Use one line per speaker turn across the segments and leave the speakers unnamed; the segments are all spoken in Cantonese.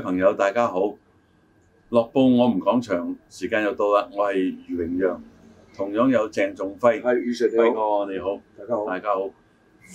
朋友大家好，樂報我哋講場，時間又到啦。我係余永揚，同樣有鄭仲輝，係余 Sir、啊、你好，你好，大家好，大家好。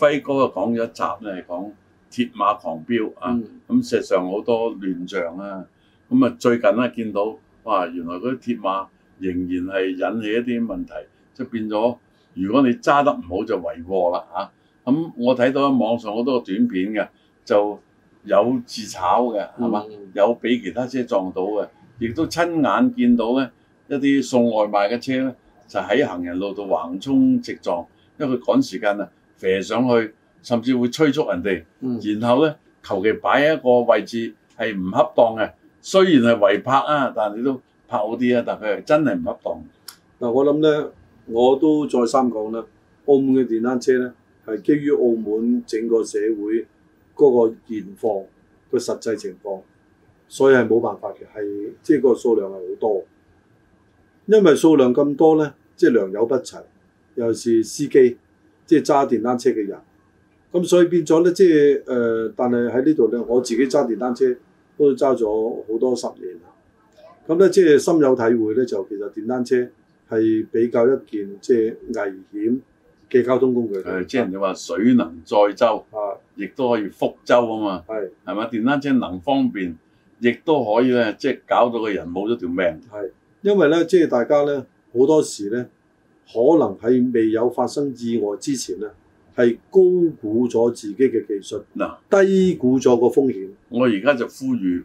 輝哥了、嗯、啊，講咗一集咧，係講鐵馬狂飆啊。咁事實上好多亂象啊。咁啊，最近咧見到哇，原來嗰啲鐵馬仍然係引起一啲問題，即係變咗。如果你揸得唔好就了、啊了，就為禍啦。咁我睇到網上好多個短片嘅就。有自炒嘅係嘛？嗯、有俾其他車撞到嘅，亦都親眼見到呢一啲送外賣嘅車呢就喺行人路度橫衝直撞，因為佢趕時間啊，飛上去甚至會催促人哋，嗯、然後呢，求其擺一個位置係唔恰當嘅。雖然係違拍啊，但
你都拍好啲啊，但佢係真係唔恰當。嗱，我諗呢，我都再三講啦，澳門嘅電單車呢，係基於澳門整個社會。嗰個現況個實際情況，所以係冇辦法嘅，係即係個數量係好多，因為數量咁多咧，即係良莠不齊，尤其是司機，即係揸電單車嘅人，咁所以變咗咧，即係誒，但係喺呢度咧，我自己揸電單車都揸咗好多十年啦，咁咧即係深有體會咧，就其實電單車係比較一件即係危險嘅交通工具的，誒，即係你話水能載舟，亦都的可以覆
舟啊嘛，係的，係咪？電單車能方便，亦都可以咧，即係搞到個人冇咗
條命。係，因為咧，即係大家咧，好多時咧，可能喺未有發生意外之前咧，係高估咗自己嘅技術，嗱的，低估咗個風險，嗯。
我而家就呼籲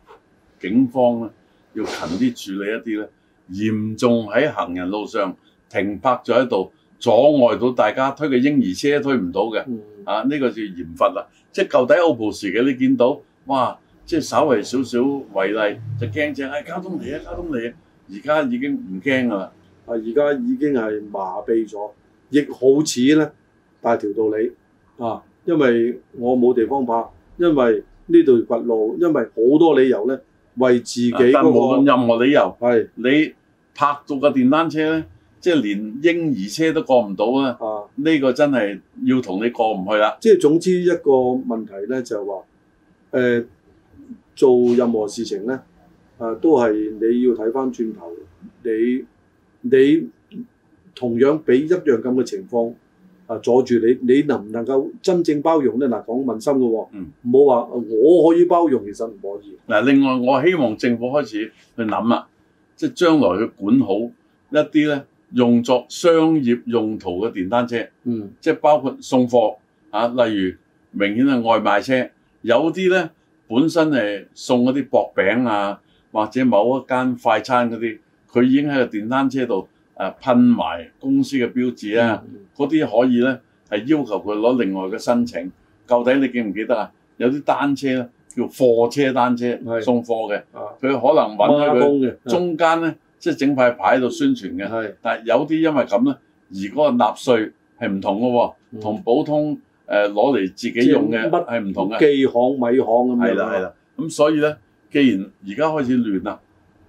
警方咧，
要勤啲
處理一啲咧，嚴重喺行人路上停泊咗喺度。阻礙到大家推個嬰兒車推唔到嘅，嗯、啊呢、呢個叫嚴罰啦。即係舊底 OPPO 時嘅你見到，哇！即係稍微少少違例，就驚淨係交通嚟啊，交通
嚟啊。而家已經唔驚啦，啊！而家已經係麻痹咗，亦好似咧，大條道理啊，因為我冇地方泊，因為呢度掘路，因為好多理由咧，為自己冇、嗰個、
任何理由，是你泊到個電單車咧。即係連嬰兒車都過唔到啊！呢個真係要同你過唔去
啦。即係、啊就是、總之一個問題咧，就係話誒做任何事情咧，誒、啊、都係你要睇翻轉頭，你你同樣俾一樣咁嘅情況啊，阻住你，你能唔能夠真正包容咧？嗱、啊，講問心嘅喎、哦，唔好話我可以包容，其實唔可以。
嗱、啊，另外我希望政府開始去諗啦，即係將來去管好一啲咧。用作商業用途嘅電單車，嗯，即係包括送貨啊，例如明顯係外賣車，有啲咧本身誒送嗰啲薄餅啊，或者某一間快餐嗰啲，佢已經喺個電單車度、啊、噴埋公司嘅標誌啊，嗰啲、嗯、可以咧係要求佢攞另外嘅申請。究竟你記唔記得啊？有啲單車咧叫貨車單車送貨嘅，佢是可能搵佢中間咧。即係整塊牌喺度宣傳嘅，是但係有啲因為咁咧，而嗰個納稅係唔同嘅喎，同、嗯、普通誒攞嚟自己用嘅乜係唔同嘅，既行米行咁樣啦，係啦，咁所以咧，既然而家開始亂啦，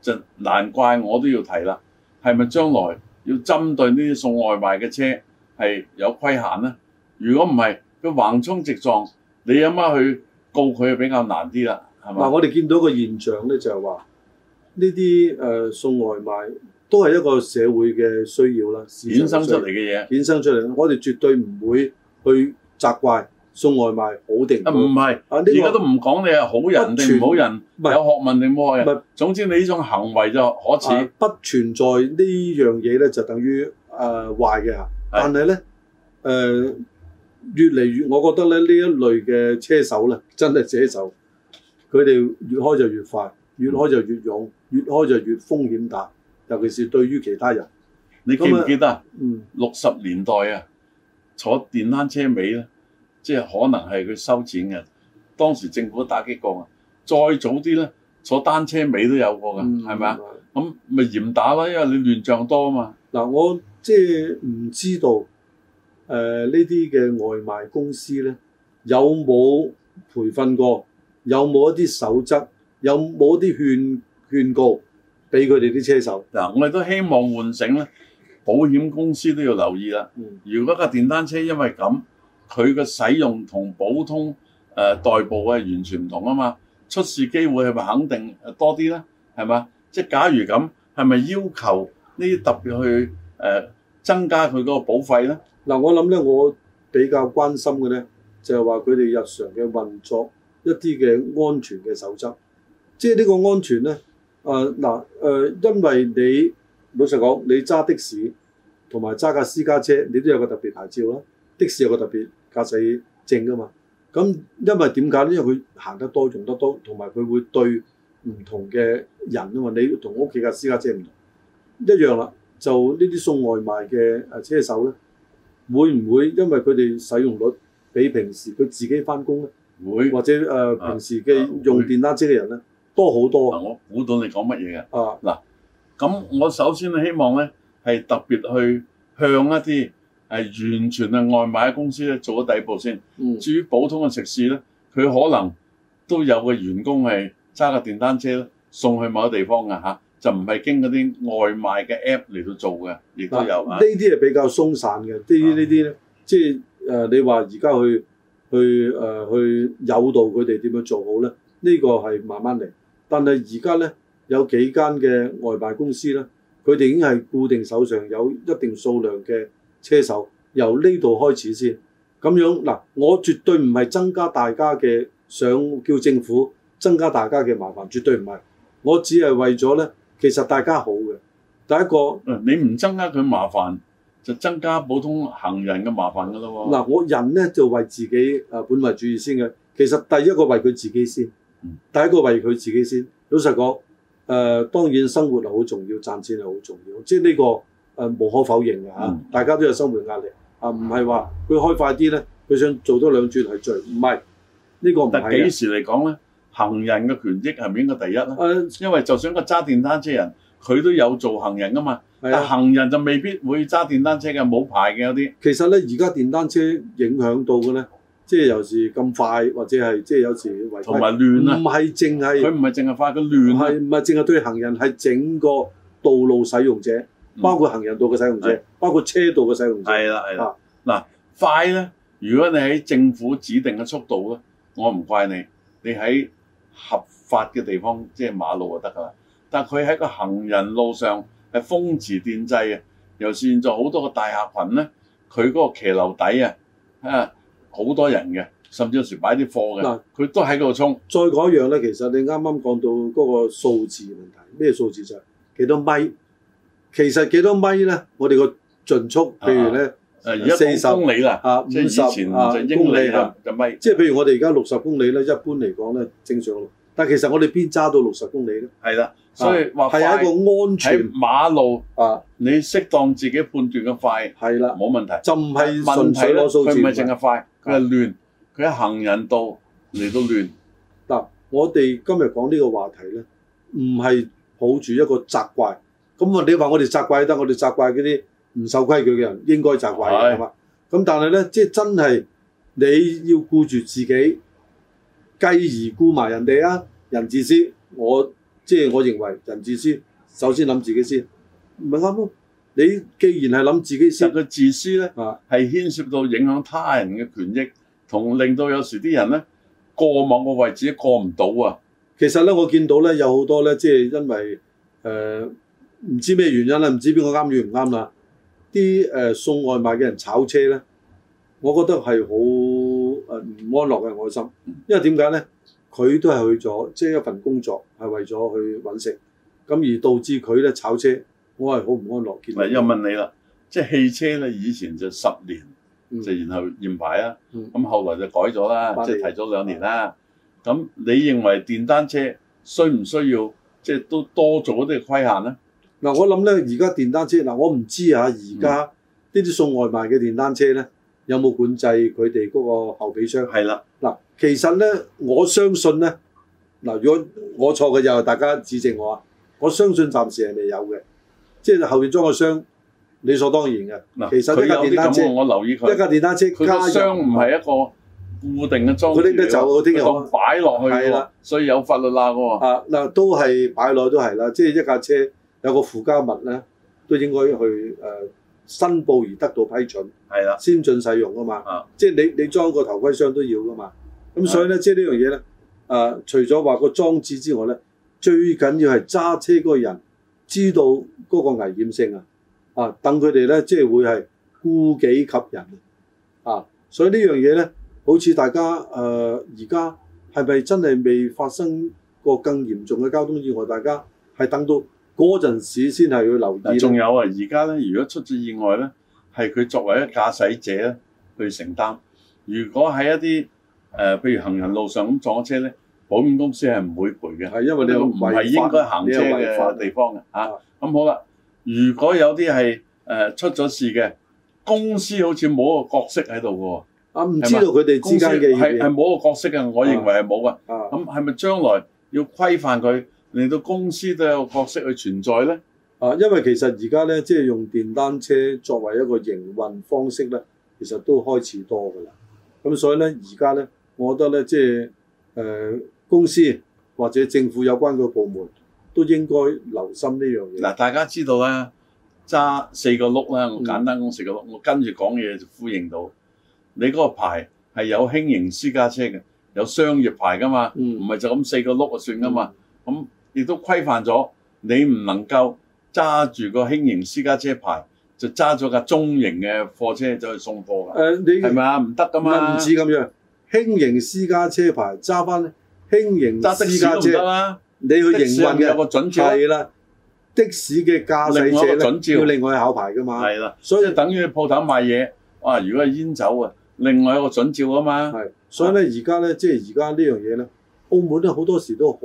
就難怪我都要提啦，係咪將來要針對呢啲送外賣嘅車係有規限咧？如果唔係，佢橫衝直撞，你阿媽去
告佢比較難啲啦，係咪？嗱，我哋見到一個現象咧，就係話。呢啲、呃、送外賣都係一個社會嘅需要啦，衍生出嚟嘅嘢，衍生出嚟。我哋絕對唔會去責怪送外賣好定唔係？而家、啊啊、都唔
講你係好人定唔好人，有學問定冇學問。是總之你呢種行為就
可恥。啊、不存在呢樣嘢咧，就等於誒、呃、壞嘅。的但係咧，誒越嚟越，我覺得咧呢一類嘅車手咧，真係車手，佢哋越開就越快，越開就越勇。嗯越開就越風險大，尤其是對於其他人。你記唔記得啊？嗯，
六十年代啊，嗯、坐電單車尾咧，即係可能係佢收錢嘅。當時政府都打擊過嘛。再早啲咧，坐單車尾都有過㗎，係咪啊？咁
咪吧的嚴打啦，因為你亂賬多啊嘛。嗱、啊，我即係唔知道誒呢啲嘅外賣公司咧，有冇培訓過？有冇一啲守則？有冇一啲勸？勸告俾佢哋啲車手嗱，我哋都希望喚醒咧，保險公司都要留意啦。
如果架電單車因為咁，佢個使用同普通誒代步嘅完全唔同啊嘛，出事機會係咪肯定誒多啲咧？係嘛？即係假如咁，
係咪要求呢啲特別去誒增加佢嗰個保費咧？嗱，我諗咧，我比較關心嘅咧就係話佢哋日常嘅運作一啲嘅安全嘅守則，即係呢個安全咧。誒嗱、呃呃、因為你老實講，你揸的士同埋揸架私家車，你都有個特別牌照啦。的士有個特別駕駛證噶嘛。咁因為點解呢？因為佢行得多，用得多，同埋佢會對唔同嘅人啊嘛。你同屋企架私家車唔一樣啦。就呢啲送外賣嘅誒車手咧，會唔會因為佢哋使用率比平時佢自己翻工咧？會，或者、呃、平時嘅用電單車嘅人咧？多好多啊！啊我估到你講乜嘢嘅。啊，嗱、啊，
咁我首先呢希望咧，係特別去向一啲係、啊、完全嘅外賣嘅公司咧做咗第一步先。嗯、至於普通嘅食肆咧，佢可能都有個員工係揸架電單車送去某個地方㗎嚇、啊，就唔係經嗰啲外賣嘅 app 嚟到做嘅，亦都有啊。呢啲
係比較鬆散嘅，呢啲呢啲呢啲呢啲咧，即係誒你話而家去去誒、呃、去誘導佢哋點樣做好咧？呢、呢個係慢慢嚟。但係而家呢，有幾間嘅外賣公司呢，佢哋已經係固定手上有一定數量嘅車手，由呢度開始先咁樣嗱、啊。我絕對唔係增加大家嘅想叫政府增加大家嘅麻煩，絕對唔係。我只係為咗呢，其實大家好嘅。第一個，你唔增加佢麻煩，就增加普通行人嘅麻煩㗎咯、啊。嗱、啊，我人呢，就為自己本位、啊、主義先嘅。其實第一個為佢自己先。嗯、第一個為佢自己先，老實講，誒、呃，當然生活係好重要，賺錢係好重要，即係、這、呢個誒、呃、無可否認嘅吓，嗯、大家都有生活壓力、嗯、啊，唔係話佢開快啲咧，佢想做多兩轉係最唔係、這個、呢個唔係。但幾
時嚟講咧？行人嘅權益係咪應該第一咧？誒、啊，因為就算個揸電單車人，
佢都有做行人噶嘛，啊、但行人就未必會揸電單車嘅，冇牌嘅有啲。其實咧，而家電單車影響到嘅咧。即係有時咁快，或者係即係有時違規，唔係淨係佢唔係淨係快，佢亂佢唔係唔係淨係對行人，係整個道路使用者，嗯、包括行人道嘅使用者，的包括車道嘅使用者。係啦係啦。
嗱，快咧，如果你喺政府指定嘅速度咧，我唔怪你。你喺合法嘅地方，即係馬路就得㗎啦。但佢喺個行人路上係風馳電掣啊，尤其現在好多大廈個大廈群咧，佢嗰個騎樓底啊，啊！好多人嘅，甚至有時擺啲貨嘅。佢都喺嗰度
衝。再講一樣咧，其實你啱啱講到嗰個數字問題，咩數字就係幾多米？其實幾多米咧？我哋個盡速，譬如咧，誒四十公里啦，啊五十公里啊，就米。即係譬如我哋而家六十公里咧，一般嚟講咧正常。但係其實我哋邊揸到六十公里咧？係啦，所以話係一個安全馬路啊！你適當自己判斷嘅快，係啦，冇問題。就
唔係純數字，佢唔係淨係
快。佢係亂，佢係行人多嚟到你都亂。嗱、嗯，我哋今日講呢個話題咧，唔係抱住一個責怪。咁啊，你話我哋責怪得，我哋責怪嗰啲唔守規矩嘅人應該責怪係嘛？咁是但係咧，即係真係你要顧住自己，繼而顧埋人哋啊！人自私，我即係我認為人自私，首先諗自己先，唔係啱咩？你既然係諗自己先，其實個自私咧係
牽涉到影響他人嘅權益，同、啊、令到有時啲人咧過望個
位置都過唔到啊！其實咧，我見到咧有好多咧，即係因為誒唔、呃、知咩原因啦，唔知邊個啱與唔啱啦，啲誒、呃、送外賣嘅人炒車咧，我覺得係好誒唔安樂嘅愛心，因為點解咧？佢都係去咗即係一份工作係為咗去搵食，咁而導致佢咧炒車。我係好唔安樂見。嗱，又問你啦，即係汽車咧，以前就十
年就、嗯、然後驗牌啊，咁、嗯、後來就改咗啦，力即係提咗兩年啦。咁、嗯、你認為電單車需唔需要即係都多咗啲規限咧？
嗱，我諗咧，而家電單車嗱，我唔知呀、啊。而家呢啲送外賣嘅電單車咧，有冇管制佢哋嗰個後備箱？係啦的。嗱，其實咧，我相信咧，嗱，如果我錯嘅又大家指正我啊，我相信暫時係未有嘅。即係後面裝個箱，理所當然嘅。嗱，其實佢有啲咁嘅，我留意佢一架電單車。佢個箱唔係一個固定嘅裝置的，佢拎得走嗰啲嘢擺落去。係啦的，所以有法律啦，喎。啊，嗱，都係擺落去都係啦。即係一架車有個附加物咧，都應該去誒、呃、申報而得到批准。係啦的，先進使用㗎嘛。是的即係你你裝個頭盔箱都要㗎嘛。咁所以咧，的即係呢樣嘢咧，誒、呃，除咗話個裝置之外咧，最緊要係揸車嗰個人。知道嗰個危險性啊！啊，等佢哋咧，即係會係顧己及人啊！所以呢樣嘢咧，好似大家誒而家係咪真係未發生過更嚴重嘅交通意外？大家係等到嗰陣時先係要留意。仲有啊，
而家咧，如果出咗意外咧，係佢作為一駕駛者咧去承擔。如果喺一啲誒、呃，譬如行人路上咁撞車咧。保險公司係唔會賠嘅，係因為你唔係應該行車嘅地方嘅嚇。咁、啊、好啦，如果有啲係誒出咗事嘅公司，好似冇個角色喺度嘅
喎。啊，唔知道佢哋之間嘅係係冇
個角色嘅，啊、我認為係冇嘅。
咁係咪將來要規範佢，令到公司都有個角色去存在咧？啊，因為其實而家咧，即係用電單車作為一個營運方式咧，其實都開始多㗎啦。咁所以咧，而家咧，我覺得咧，即係誒。呃公司或者政府有關嘅部門都應該留心呢樣嘢。嗱，
大家知道咧，揸四個轆啦，我簡單講四個轆，嗯、我跟住講嘢就呼應到你嗰個牌係有輕型私家車嘅，有商業牌噶嘛，唔係、嗯、就咁四個轆啊算噶嘛。咁亦、嗯、都規範咗你唔能夠揸住個輕型私家車牌就揸咗架中型嘅貨車走去送
貨㗎。誒、呃，你係咪啊？唔得㗎嘛，唔止咁樣輕型私家車牌揸翻。輕盈揸的得啦，啊、你去營運嘅係啦，的士嘅駕駛者咧，要另外考牌噶嘛，係啦，所以就等於鋪頭賣嘢，哇！如果係煙酒啊，另外有個準照啊，準照嘛係，所以咧，而家咧，即係而家呢樣嘢咧，澳門咧好多時都好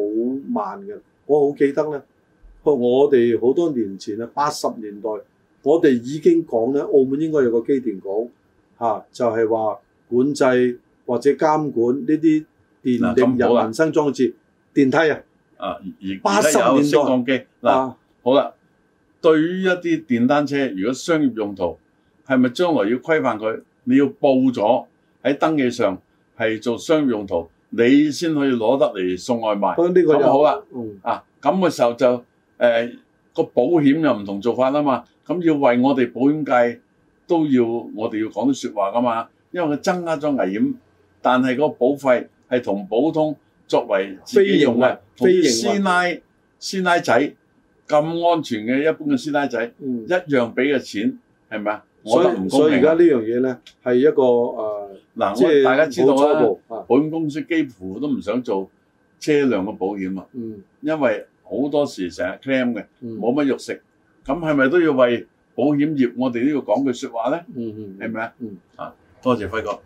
慢嘅。我好記得咧，我哋好多年前啊，八十年代，我哋已經講咧，澳門應該有個機電局就係、嚇、話管制或者監管呢啲。電啊，咁好啦，人民生裝置電梯啊，啊而而而有升降機嗱，好啦，
對於一啲電單車，如果商業用途，係咪將來要規範佢？你要報咗喺登記上係做商業用途，你先可以攞得嚟送外賣。呢個就好啦，嗯、啊咁嘅時候就誒個、呃、保險又唔同做法啦嘛，咁要為我哋保險界都要我哋要講啲説話噶嘛，因為佢增加咗危險，但係個保費。係同普通作為非用嘅，非師奶師奶仔咁安全嘅一般嘅師奶仔一樣俾嘅錢，係咪啊？所以所以而家呢樣
嘢咧係一個誒，嗱，我大家知道啦，保險
公司幾乎都唔想做車輛嘅保險啊，因為好多時成日 claim 嘅冇乜肉食。咁係咪都要為保險業我哋都要講句説話咧？係咪啊？啊，多謝輝哥。